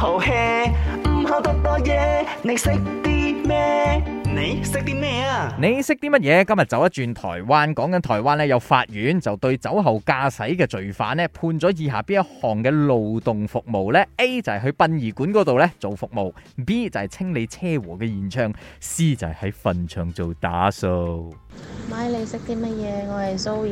好 hea 唔好得多嘢，你識啲咩？你識啲咩啊？你識啲乜嘢？今日走一轉台灣，講緊台灣咧，有法院就對酒後駕駛嘅罪犯咧判咗以下邊一項嘅勞動服務咧？A 就係去殯儀館嗰度咧做服務，B 就係清理車禍嘅現場，C 就係喺墳場做打掃。咪你識啲乜嘢？我係蘇爾，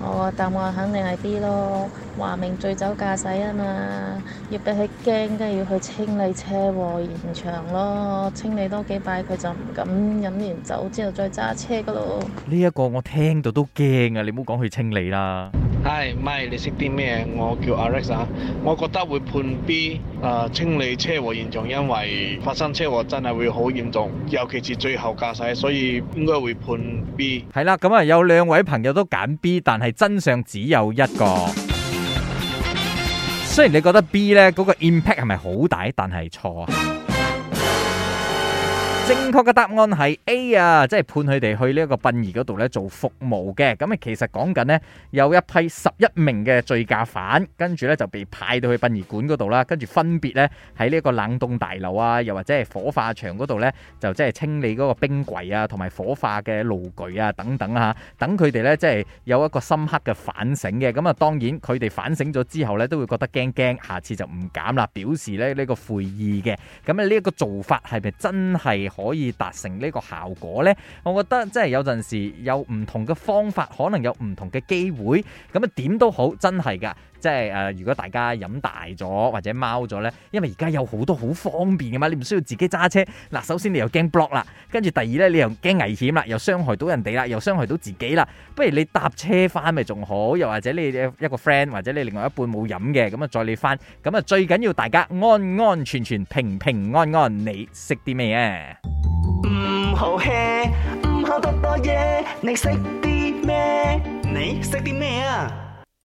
哦、我個答案肯定係 B 咯。話明醉酒駕駛啊嘛，要俾佢驚，梗係要去清理車禍現場咯。清理多幾擺，佢就唔敢飲完酒之後再揸車噶咯。呢一個我聽到都驚啊！你唔好講去清理啦。係咪，Hi, Mike, 你識啲咩？我叫 Alex 啊，我覺得會判 B，誒、啊，清理車禍現象，因為發生車禍真係會好嚴重，尤其是最後駕駛，所以應該會判 B。係啦，咁啊，有兩位朋友都揀 B，但係真相只有一個。 雖然你覺得 B 呢嗰，那個 impact 係咪好大，但係錯啊。正確嘅答案係 A 啊，即係判佢哋去呢一個殯儀嗰度咧做服務嘅。咁啊，其實講緊呢，有一批十一名嘅醉駕犯，跟住咧就被派到去殯儀館嗰度啦，跟住分別咧喺呢一個冷凍大樓啊，又或者係火化場嗰度咧，就即係清理嗰個冰櫃啊，同埋火化嘅爐具啊等等啊，等佢哋咧即係有一個深刻嘅反省嘅。咁啊，當然佢哋反省咗之後咧，都會覺得驚驚，下次就唔減啦，表示咧呢個悔意嘅。咁啊，呢一個做法係咪真係？可以達成呢個效果呢，我覺得即係有陣時有唔同嘅方法，可能有唔同嘅機會。咁啊點都好，真係噶，即係誒、呃。如果大家飲大咗或者貓咗呢，因為而家有好多好方便嘅嘛，你唔需要自己揸車。嗱，首先你又驚 block 啦，跟住第二呢，你又驚危險啦，又傷害到人哋啦，又傷害到自己啦。不如你搭車翻咪仲好，又或者你一個 friend 或者你另外一半冇飲嘅，咁啊載你翻。咁啊最緊要大家安安全全、平平安安。你食啲咩嘢？唔、嗯、好吃，唔、嗯、好多多嘢，你食啲咩？你食啲咩啊？